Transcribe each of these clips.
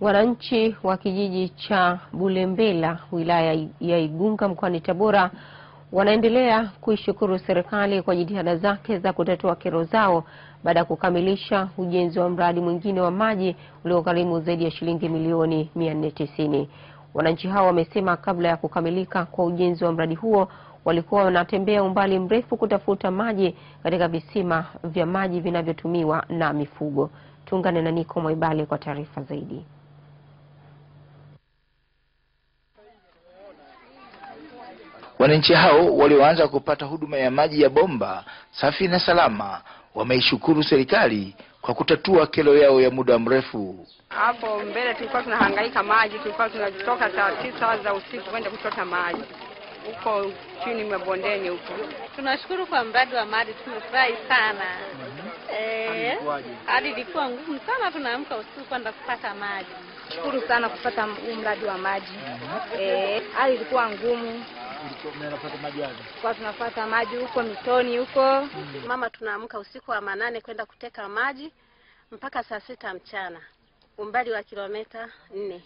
Wananchi wa kijiji cha Bulembela wilaya ya Igunga mkoani Tabora wanaendelea kuishukuru serikali kwa jitihada zake za kutatua kero zao baada ya kukamilisha ujenzi wa mradi mwingine wa maji uliogharimu zaidi ya shilingi milioni 490. Wananchi hao wamesema kabla ya kukamilika kwa ujenzi wa mradi huo walikuwa wanatembea umbali mrefu kutafuta maji katika visima vya maji vinavyotumiwa na mifugo. Tuungane na Niko Mwaibale kwa taarifa zaidi. Wananchi hao walioanza kupata huduma ya maji ya bomba safi na salama wameishukuru serikali kwa kutatua kero yao ya muda mrefu. Hapo mbele tulikuwa tunahangaika maji, tulikuwa tunatoka saa tisa za usiku kwenda kuchota maji huko chini mabondeni huko. Tunashukuru kwa mradi wa maji, tumefurahi sana. E, hali ilikuwa ngumu sana, tunaamka usiku kwenda kupata maji. Shukuru sana kupata mradi wa maji. E, hali ilikuwa ngumu mnapata maji wapi? Kwa tunapata maji huko mitoni huko mm. Mama tunaamka usiku wa manane kwenda kuteka maji mpaka saa sita mchana, umbali wa kilomita nne.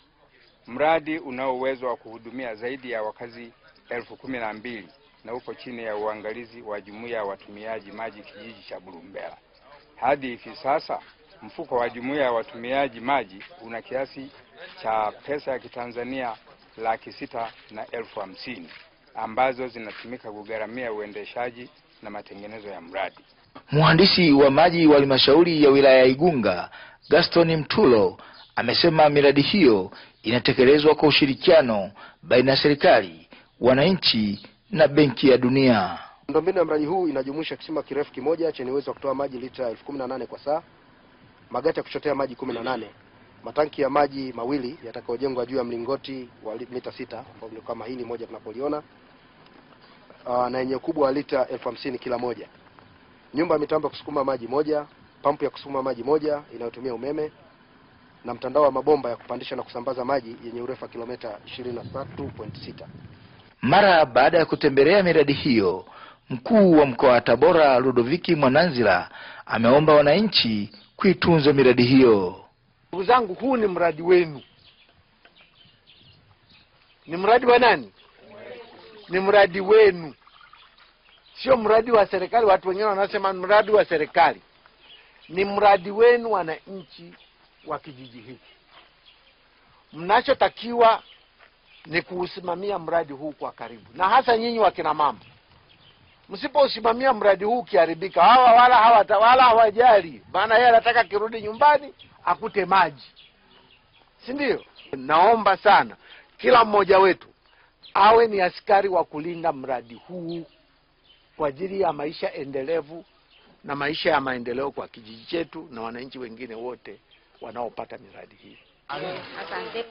Mradi unao uwezo wa kuhudumia zaidi ya wakazi elfu kumi na mbili na upo chini ya uangalizi wa jumuiya ya watumiaji maji kijiji cha Burumbela. Hadi hivi sasa mfuko wa jumuiya ya watumiaji maji una kiasi cha pesa ya kitanzania laki sita na elfu hamsini ambazo zinatumika kugharamia uendeshaji na matengenezo ya mradi. Mhandisi wa maji wa halmashauri ya wilaya ya Igunga, Gaston Mtulo, amesema miradi hiyo inatekelezwa kwa ushirikiano baina ya serikali, wananchi na Benki ya Dunia. Miundombinu ya mradi huu inajumuisha kisima kirefu kimoja chenye uwezo wa kutoa maji lita elfu kumi na nane kwa saa, magati ya kuchotea maji kumi na nane matanki ya maji mawili yatakayojengwa juu ya mlingoti wa mita sita ambao kama hili moja tunapoliona Ah, na yenye ukubwa wa lita elfu hamsini kila moja. Nyumba ya mitambo ya kusukuma maji moja, pampu ya kusukuma maji moja inayotumia umeme na mtandao wa mabomba ya kupandisha na kusambaza maji yenye urefu wa kilomita 23.6. Mara baada ya kutembelea miradi hiyo, mkuu wa mkoa wa Tabora Ludoviki Mwananzila ameomba wananchi kuitunza miradi hiyo. Ndugu zangu, huu ni mradi wenu, ni mradi wa nani? ni mradi wenu, sio mradi wa serikali. Watu wengine wanasema mradi wa serikali, ni mradi wenu wananchi wa kijiji hiki. Mnachotakiwa ni kuusimamia mradi huu kwa karibu, na hasa nyinyi wakina mama. Msipousimamia mradi huu ukiharibika, hawa wala hawata, wala hawajali, maana yeye anataka kirudi nyumbani akute maji, si ndio? Naomba sana kila mmoja wetu awe ni askari wa kulinda mradi huu kwa ajili ya maisha endelevu na maisha ya maendeleo kwa kijiji chetu na wananchi wengine wote wanaopata miradi hii.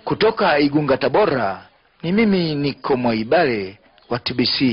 Kutoka Igunga, Tabora, ni mimi niko Mwaibale wa TBC.